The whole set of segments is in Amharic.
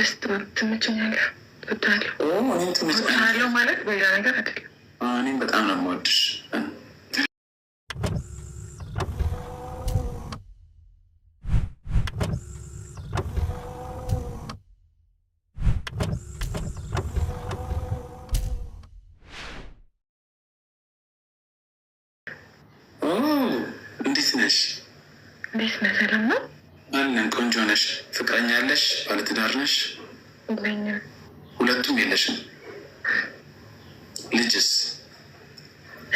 ድረስ ትመቸኛለህ። ማለት ነገር አይደለም። እኔም በጣም ነው እንዴት ነሽ? እንዴት ነህ? ሰላም ነው ማንም ቆንጆ ነሽ? ፍቅረኛ ያለሽ? ባለትዳር ነሽ? ሁለቱም የለሽም። ልጅስ?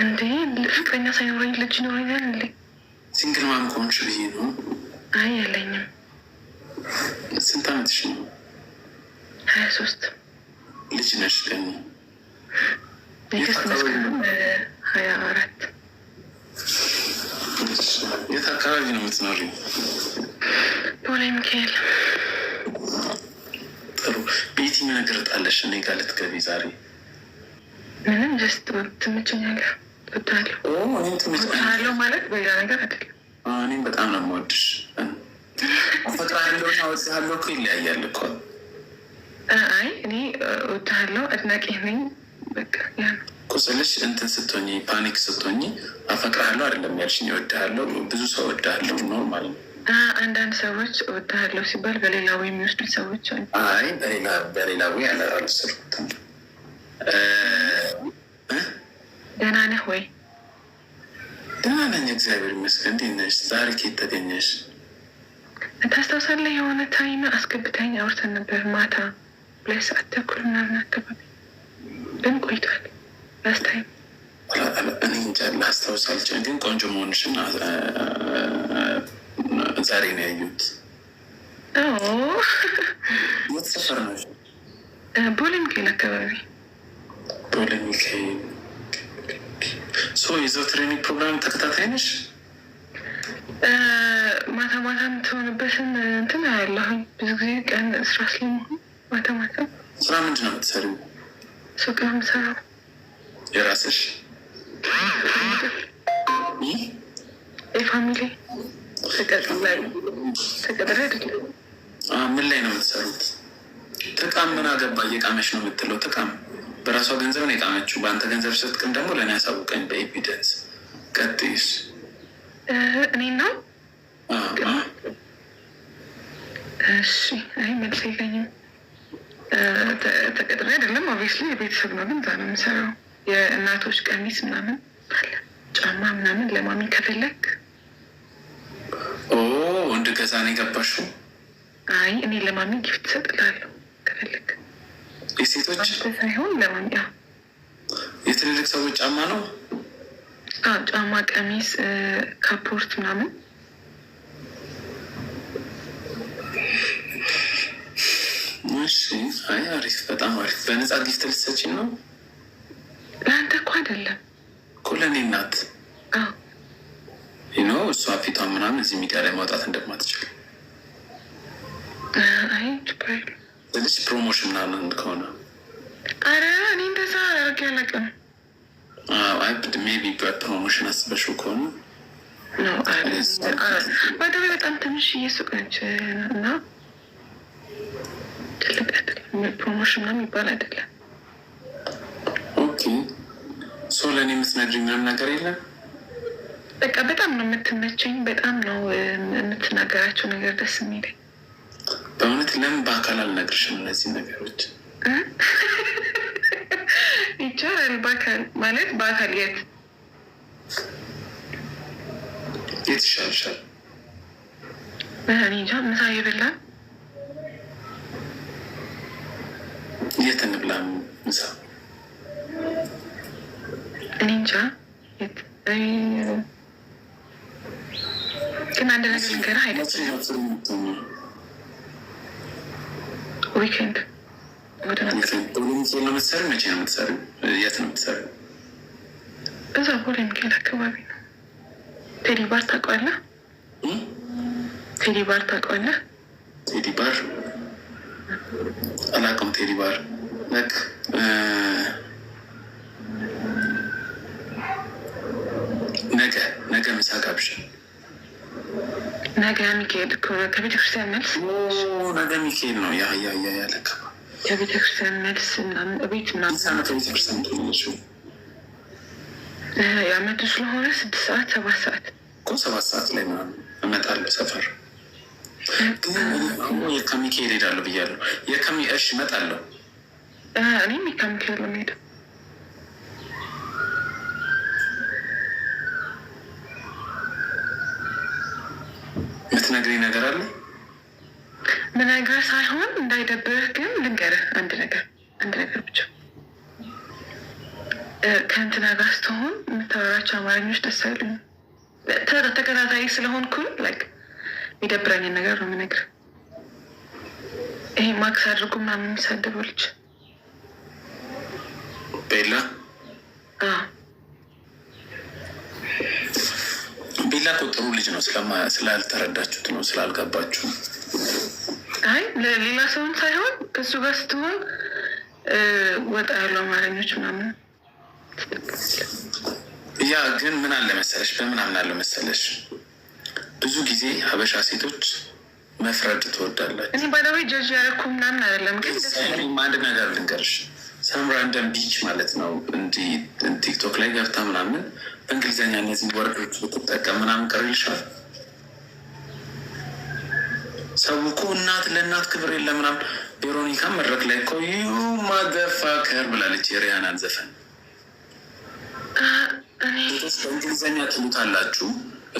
እንዴ ፍቅረኛ ሳይኖረኝ ልጅ ይኖረኛል እንዴ? ሲንግል ማም ከሆንሽ ብዬ ነው። አይ የለኝም። ስንት አመትሽ ነው? ሀያ ሶስት ልጅ ነሽ? ደግሞ የት አካባቢ ነው የምትኖሪው? ሚካኤል ጥሩ። በየትኛው ነገር ጣለሽ እኔ ጋር ልትገቢ ዛሬ? ምንም ጀስት ትምችኛለህ፣ እወዳለሁ ማለት በሌላ ነገር አይደለም። እኔም በጣም ነው የምወድሽ። ፍቅር ያለው እወድሃለሁ እኮ ይለያያል እኮ። አይ እኔ እወድሃለሁ አድናቂ ነኝ። በቃ ያ ነው ቁስልሽ እንትን ስትሆኝ ፓኒክ ስትሆኝ አፈቅርሃለሁ አይደለም ያልሽኝ፣ እወድሃለሁ ብዙ ሰው እወድሃለሁ ኖርማል ነው አንዳንድ ሰዎች እወድሃለሁ ሲባል በሌላ ወይ የሚወስዱት ሰዎች አሉ። አይ በሌላ ወይ አለ አልወሰድኩትም። ደህና ነህ ወይ? ደህና ነኝ እግዚአብሔር ይመስገን። እንዴት ነሽ? ዛሬ ከየት ተገኘሽ? ታስታውሳለህ? የሆነ ታይም አስገብታኝ አውርተን ነበር ማታ ሁለት ሰዓት ተኩል ምናምን አካባቢ ግን ቆይቷል። ላስት ታይም እኔ እንጃ ላስታውሳልችን ግን ቆንጆ መሆንሽን ዛሬ ነው ያየሁት። የት ሰፈር ነው? ቦሌ ሚካኤል አካባቢ። ቦሌ ሚካኤል ሰው የዘው ትሬኒንግ ፕሮግራም ተከታታይ ነሽ? ማታ ማታ የምትሆንበትን እንትን አያለሁኝ። ብዙ ጊዜ ቀን ስራ ስለመሆን ማታ ማታ። ስራ ምንድን ነው የምትሰሪው? ሱቅ ነው የምሰራው። የራስሽ የፋሚሊ ምን ላይ ነው የምትሰሩት? ትቃም ምን አገባ እየቃመች ነው የምትለው። ትቃም በራሷ ገንዘብ ነው የቃመችው። በአንተ ገንዘብ ስትቅም ደግሞ ለእኔ ያሳውቀኝ በኤቪደንስ ቀጥይስ። እኔና እሺ፣ አይ መልስ አይገኝም። ተቀጥሬ አይደለም ኦብቪየስሊ፣ የቤተሰብ ነው ግን እዛ ነው የምሰራው። የእናቶች ቀሚስ ምናምን ጫማ ምናምን ለማሚ ከፈለግ ለዛ ነው የገባሽው? አይ እኔ ለማሚ ጊፍት እሰጥላለሁ ከፈለግ የሴቶች ሳይሆን ለማሚ የትልልቅ ሰዎች ጫማ ነው ጫማ፣ ቀሚስ፣ ካፖርት ምናምን አይ አሪፍ፣ በጣም አሪፍ። በነፃ ጊፍት ልትሰጪኝ ነው? ለአንተ እኮ አይደለም እኮ ለእኔ እናት ነው እሷ ፊቷ ምናምን እዚህ ሚዲያ ላይ ማውጣት እንደማትችል ልጅ ፕሮሞሽን ምናምን ከሆነ አረ እኔ እንደዛ አርግ ያለቅም ሜቢ በፕሮሞሽን አስበሽው ከሆነ ወደ በጣም ትንሽ እየሱቅ ነች እና ትልቅ ፕሮሞሽን ምናምን ይባል አይደለም። ኦኬ ሶ ለእኔ የምትነግሪኝ ምንም ነገር የለም። በቃ በጣም ነው የምትመቸኝ። በጣም ነው የምትናገራቸው ነገር ደስ የሚለኝ በእውነት። ለምን በአካል አልነግርሽም እነዚህ ነገሮች? ይቻላል በአካል ማለት በአካል የት የት ይሻልሻል? እንጃ ምሳ የበላን የት እንብላ ምሳ? እኔ እንጃ የት አንድ ነገር ልንገርህ ነው የት ነው እዛ ቦሌ ሚካኤል አካባቢ ነው። ቴዲ ባር ታውቀዋለህ? ቴዲ ባር ታውቀዋለህ? ቴዲ ባር አላውቅም። ቴዲ ባር ነገ ነገ ምሳ ጋብዣ ነገ ሚካኤል ከቤተክርስቲያን መልስ ነገ ሚካኤል ነው። ያ ያ ያ ያለ ከቤተክርስቲያን መልስ ቤት የአመቱ ስለሆነ ስድስት ሰዓት ሰባት ሰዓት እኮ ሰባት ሰዓት ላይ ምናምን እመጣለሁ ሰፈር የከሚካኤል ሄዳለሁ ብያለሁ። እሺ እመጣለሁ እኔም የከሚካኤል ነው የምሄደው የምትነግሪኝ ነገር አለ? ምነግርህ ሳይሆን እንዳይደብርህ ግን ልንገርህ አንድ ነገር አንድ ነገር ብቻ። ከእንትና ጋር ስትሆን የምታወራቸው አማርኞች ደስ አይሉኝ ተከታታይ ስለሆንኩኝ ላይክ የሚደብረኝን ነገር ነው የምነግርህ። ይሄ ማክስ አድርጉ ምናምን የሚሳደበው ልጅ ቤላ ጥሩ ልጅ ነው። ስላልተረዳችሁት ነው፣ ስላልገባችሁ። አይ ለሌላ ሰውም ሳይሆን እሱ ጋር ስትሆን ወጣ ያሉ አማርኞች ምናምን ያ ግን ምን አለ መሰለሽ፣ በምን አምናለሁ መሰለሽ፣ ብዙ ጊዜ ሀበሻ ሴቶች መፍረድ ትወዳላችሁ። እኔ ባዳዊ ጀጅ ያደረኩ ምናምን አይደለም፣ ግን አንድ ነገር ልንገርሽ ሰም ራንደም ቢች ማለት ነው። እንዲህ ቲክቶክ ላይ ገብታ ምናምን በእንግሊዝኛ እነዚህ ወርዶች ብትጠቀም ምናምን ቀርልሻል። ሰው እኮ እናት ለእናት ክብር የለ ምናምን። ቬሮኒካ መድረክ ላይ እኮ ዩ ማዘፋከር ብላለች የሪያናን ዘፈን። ሴቶች በእንግሊዝኛ ትሉታላችሁ፣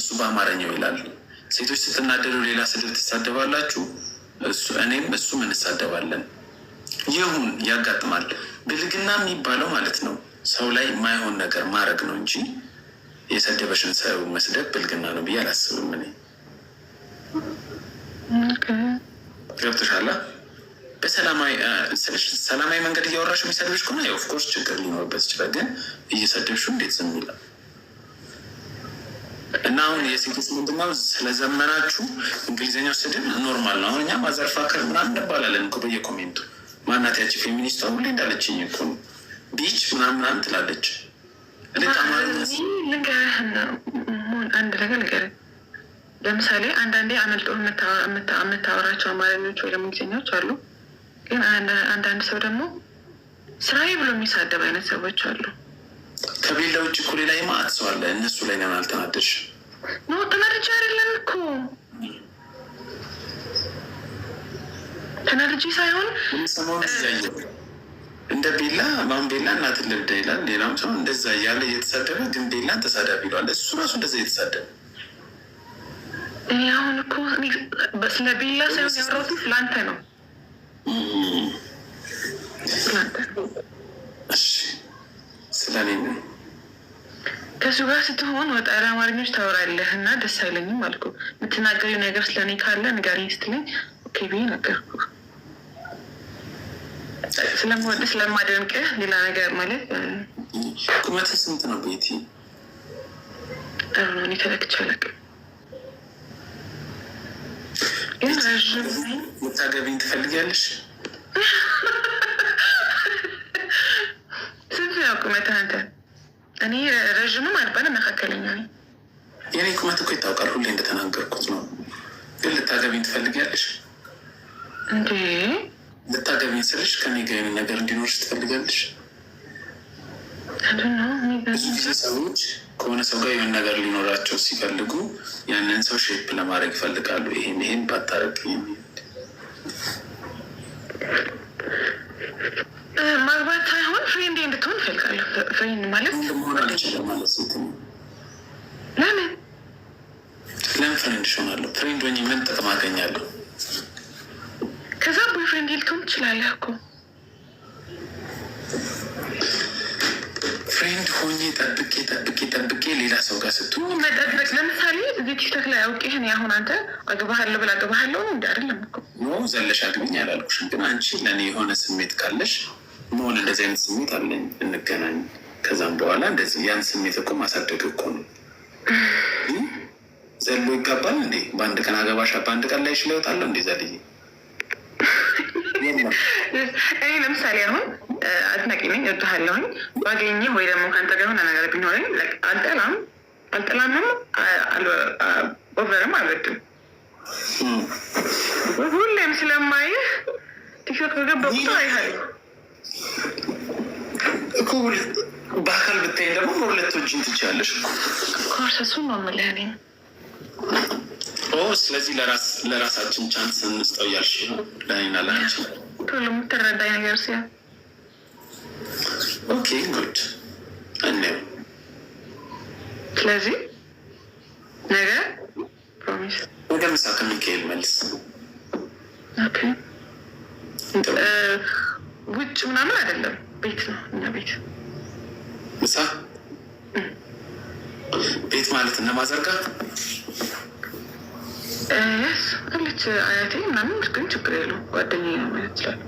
እሱ በአማርኛው ይላል። ሴቶች ስትናደዱ ሌላ ስድብ ትሳደባላችሁ፣ እኔም እሱም እንሳደባለን። ይሁን ያጋጥማል። ብልግና የሚባለው ማለት ነው ሰው ላይ የማይሆን ነገር ማድረግ ነው እንጂ የሰደበሽን ሰው መስደብ ብልግና ነው ብዬ አላስብም። እኔ ገብቶሻል። በሰላማዊ መንገድ እያወራሽ የሚሰድብሽ ከሆነ ኦፍኮርስ ችግር ሊኖርበት ይችላል። ግን እየሰደብሽው እንዴት ዝም ይላል? እና አሁን የሴቶች ምንድነው ስለዘመናችሁ እንግሊዝኛው ስድብ ኖርማል ነው። አሁን እኛም አዘርፋከር ምናምን እንባላለን በየኮሜንቱ ማናት ያቺ ፌሚኒስቷ? ሁሌ እንዳለችኝ እኮ ነው ቢች ምናምናን ትላለች። አንድ ነገር ነገር ለምሳሌ አንዳንዴ አመልጦ የምታወራቸው አማርኞች ወይ ደግሞ ጊዜኛዎች አሉ። ግን አንዳንድ ሰው ደግሞ ስራዬ ብሎ የሚሳደብ አይነት ሰዎች አሉ። ከቤላ ውጭ እኮ ሌላ የማዕት ሰው አለ። እነሱ ላይ ለምን አልተናደድሽ? ኖ ተመርጫ አይደለም እኮ ተናድጄ ሳይሆን እንደ ቤላ ማን ቤላ እናት ልብዳ ይላል። ሌላም ሰው እንደዛ እያለ እየተሳደበ ግን ቤላ ተሳዳቢ ይለዋል። እሱ ራሱ እንደዛ እየተሳደበ እኔ አሁን እኮ ስለ ቤላ ሳይሆን ያወራሁት ለአንተ ነው። ስለኔ ነው። ከእሱ ጋር ስትሆን ወጣሪ አማርኞች ታወራለህ እና ደስ አይለኝም አልኩ። የምትናገሪው ነገር ስለኔ ካለ ንገሪኝ ስትለኝ ኦኬ ብዬ ነገርኩህ። ስለምወድህ ስለማደንቅህ ሌላ ነገር ማለት ቁመት ስንት ነው ቤቲ? እኔ ተለክቼ አላውቅም። ልታገቢኝ ትፈልጊያለሽ? ስንት ነው ቁመት አንተ? እኔ ረዥምም አልባልም መካከለኛ ነኝ። የኔ ቁመት እኮ ይታወቃል፣ ሁሌ እንደተናገርኩት ነው። ግን ልታገቢኝ ትፈልጊያለሽ እንዴ? አይነት ነገር እንዲኖርሽ ትፈልጋለሽ? ብዙ ጊዜ ሰዎች ከሆነ ሰው ጋር የሆነ ነገር ሊኖራቸው ሲፈልጉ ያንን ሰው ሼፕ ለማድረግ ይፈልጋሉ። ይሄን ይሄን ባታረቅ ማግባት ሳይሆን ፍሬንድ እንድትሆን እፈልጋለሁ። ፍሬንድ ማለት ማለት ሴት ለምን ለምን ፍሬንድ እሆናለሁ? ፍሬንድ ሆኜ ምን ጥቅም አገኛለሁ? ከዛ ቦይፍሬንድ ልትሆን ትችላለህ እኮ ፍሬንድ ሆኜ ጠብቄ ጠብቄ ጠብቄ ሌላ ሰው ጋር ስቱ መጠበቅ ለምሳሌ እዚህ ቲክቶክ ላይ አውቄህ እኔ አሁን አንተ አግባሃለሁ ብላ አግባሃለሁ እንዲ አይደለም ኖ ዘለሽ አግብኝ አላልኩሽም፣ ግን አንቺ ለእኔ የሆነ ስሜት ካለሽ መሆን እንደዚህ አይነት ስሜት አለኝ እንገናኝ፣ ከዛም በኋላ እንደዚህ ያን ስሜት እኮ ማሳደግ እኮ ነው። ዘሎ ይጋባል እንዴ? በአንድ ቀን አገባሻ በአንድ ቀን ላይ ይችለወጣለሁ እንዴ? ዘልዬ እኔ ለምሳሌ አሁን አድናቂ ነኝ፣ እወድሃለሁኝ። ባገኘህ ወይ ደግሞ ከአንተ ጋር የሆነ ነገር ቢኖረኝ አልጠላም አልጠላምም ኦቨርም አልወድም። ሁሌም ስለማይህ ቲክቶክ ከገባ ቁጥር አይሃለሁ እኮ በአካል ብታይ ደግሞ በሁለት እጅን ኮርሰሱ ነው የምልህ እኔ ስለዚህ ለራሳችን ቻንስ እንስጠው እያልሽ ለእኔና ለአንቺ ቶሎ የምትረዳኝ ነገር ሲያ ኦኬ ጉድ እናየው። ስለዚህ ነገ ፕሮሚስ፣ ምሳ ከሚካኤል መልስ ውጭ ምናምን አይደለም፣ ቤት ነው እኛ ቤት ምሳ ቤት ማለት እነማዘርጋ አለች አያቴ ምናምን፣ ግን ችግር የለውም ጓደኛዬ ነው ማለት ይችላል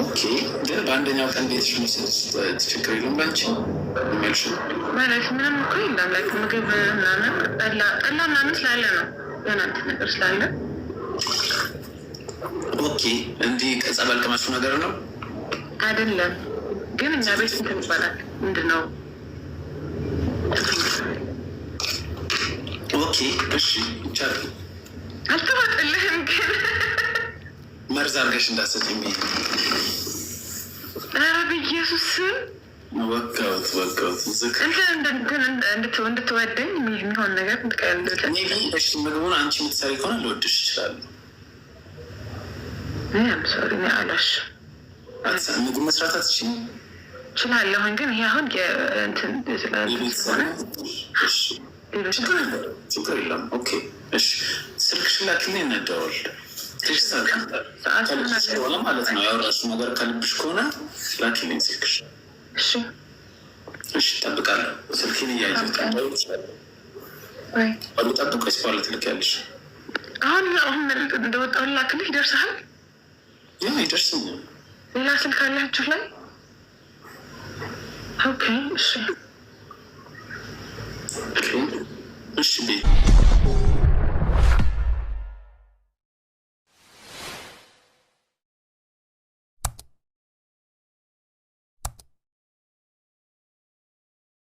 ኦኬ ግን በአንደኛው ቀን ቤትሽ ሚስት ችግር የለም ባንቺ የሚልሽ ማለት ምንም እኮ የለም። ላይ ምግብ ምናምን ጠላ ምናምን ስላለ ነው የሆነ ነገር ስላለ ኦኬ። እንዲህ ከጸበል ቅመሽው ነገር ነው አይደለም። ግን እኛ ቤት እንትን ይባላል ምንድን ነው ኦኬ እሺ ይቻላል አልተባለ መርዝ አድርገሽ እንዳሰጭኝ ብዬ በኢየሱስ ስም ወቃውት እንድትወደኝ የሚሆን ነገር እሺ፣ ምግቡን አንቺ የምትሰሪ ከሆነ ልወድሽ ይችላሉ። አላሽ ምግብ መስራት አትችይም? ግን ይሄ አሁን ችግር የለም። ኦኬ፣ እሺ፣ ስልክሽን እንደዋወል ሆነ ማለት ነው። ያወራሱ ነገር ከልብሽ ከሆነ ላኪልኝ ስልክሽ። እሺ እጠብቃለሁ። ስልክን እያየ ጠብቀ ስባለ ትልኪያለሽ። አሁን አሁን እንደወጣሁ ላክልህ። ይደርስሃል? ያ ይደርስኛል። ሌላ ስልክ አላችሁ ላይ ኦኬ። እሺ እሺ ቤት